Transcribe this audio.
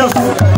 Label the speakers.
Speaker 1: def